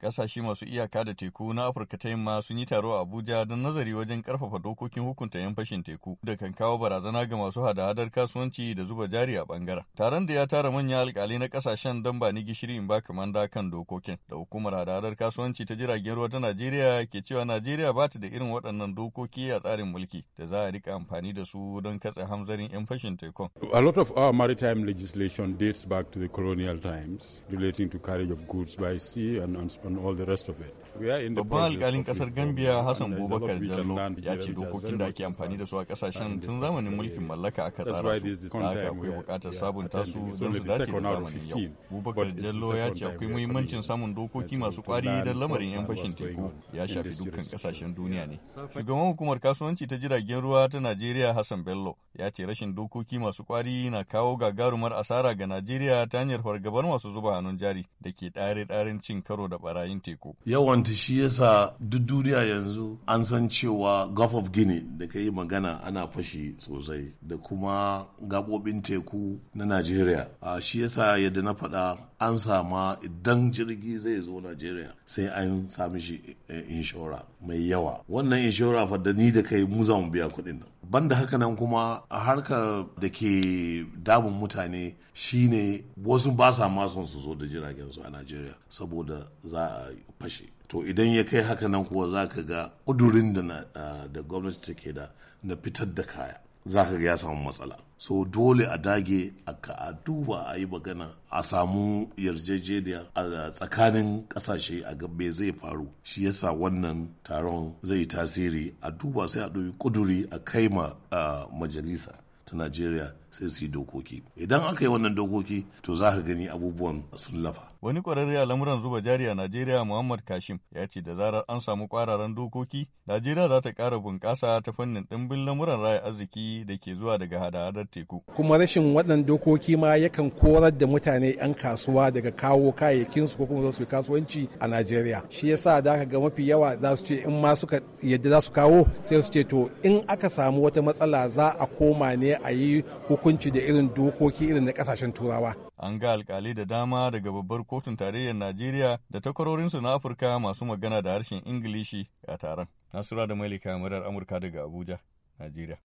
Ƙasashe masu iyaka da teku na Afirka ta yamma sun yi taro a Abuja don nazari wajen karfafa dokokin hukunta 'yan fashin teku da kan kawo barazana ga masu hada-hadar kasuwanci da zuba jari a ɓangaren. Taron da ya tara manya alƙalai na kasashen don ba ni gishiri in ba kamanda kan dokokin da hukumar hada-hadar kasuwanci ta jiragen ruwa ta Najeriya ke cewa Najeriya ba ta da irin waɗannan dokoki a tsarin mulki da za a rika amfani da su don katse hamzarin 'yan fashin tekun. A lot of our maritime legislation dates back to the colonial times relating to carriage of goods by sea and on and all the rest of it. Babban alkalin kasar Gambia Hassan Bubakar Jallo ya ce dokokin da ake amfani da su a kasashen tun zamanin mulkin mallaka aka tsara su da haka akwai bukatar sabunta su don su dace da zamanin yau. Bubakar Jallo ya ce akwai muhimmancin samun dokoki masu kwari don lamarin 'yan fashin teku ya shafi dukkan kasashen duniya ne. Shugaban hukumar kasuwanci ta jiragen ruwa ta Najeriya Hassan Bello ya ce rashin dokoki masu kwari na kawo gagarumar asara ga Najeriya ta hanyar fargabar masu zuba hannun jari da ke ɗare-ɗaren cin karo da bara yawanti teku. Yawanta shi yasa duk duniya yanzu an san cewa Gulf of Guinea da ka yi magana ana fashi sosai da kuma gabobin teku na Najeriya. A shi yasa yadda na faɗa an sama idan jirgi zai zo Najeriya sai an sami shi eh, inshora mai yawa. Wannan inshora fadda ni da kai mu za mu biya kuɗin nan. banda haka nan kuma a harka da ke damun mutane shine wasu ba sa ma son su zo da jiragen su a Najeriya saboda za fashe to idan ya kai haka nan kuwa za ka ga ƙudurin da da gwamnati take da na fitar da kaya za ka ga ya samu matsala so dole a dage a duba a yi magana a samu yarjejeniya a tsakanin kasashe a gabe zai faru shi yasa wannan taron zai tasiri a duba sai a ɗoyi kuduri a kai ma majalisa ta najeriya sai su yi dokoki idan aka yi wannan dokoki to za ka gani abubuwan sun lafa wani kwararre a lamuran zuba jari a najeriya muhammad kashim ya ce da zarar an samu kwararan dokoki najeriya za ta kara bunƙasa ta fannin ɗimbin lamuran raya arziki da ke zuwa daga hada-hadar teku kuma rashin waɗannan dokoki ma yakan korar da mutane 'yan kasuwa daga kawo kayayyakin su ko kuma za su yi kasuwanci a najeriya shi yasa da ka ga mafi yawa za su ce in ma suka yadda za su kawo sai su ce to in aka samu wata matsala za a koma ne a yi hukunci da irin dokoki irin na kasashen turawa. An ga alkali da dama daga babbar kotun tarayyar Najeriya da takwarorinsu na Afirka masu magana da harshen Ingilishi a taron. Nasura da Malika Murar Amurka daga Abuja, Najeriya.